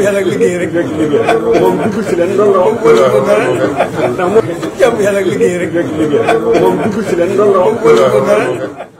jàmm yàlla ak liggéey rek. moom dugg si leen loolu la wax. ndax moom jàmm yàlla ak liggéey rek. moom dugg si leen loolu la wax.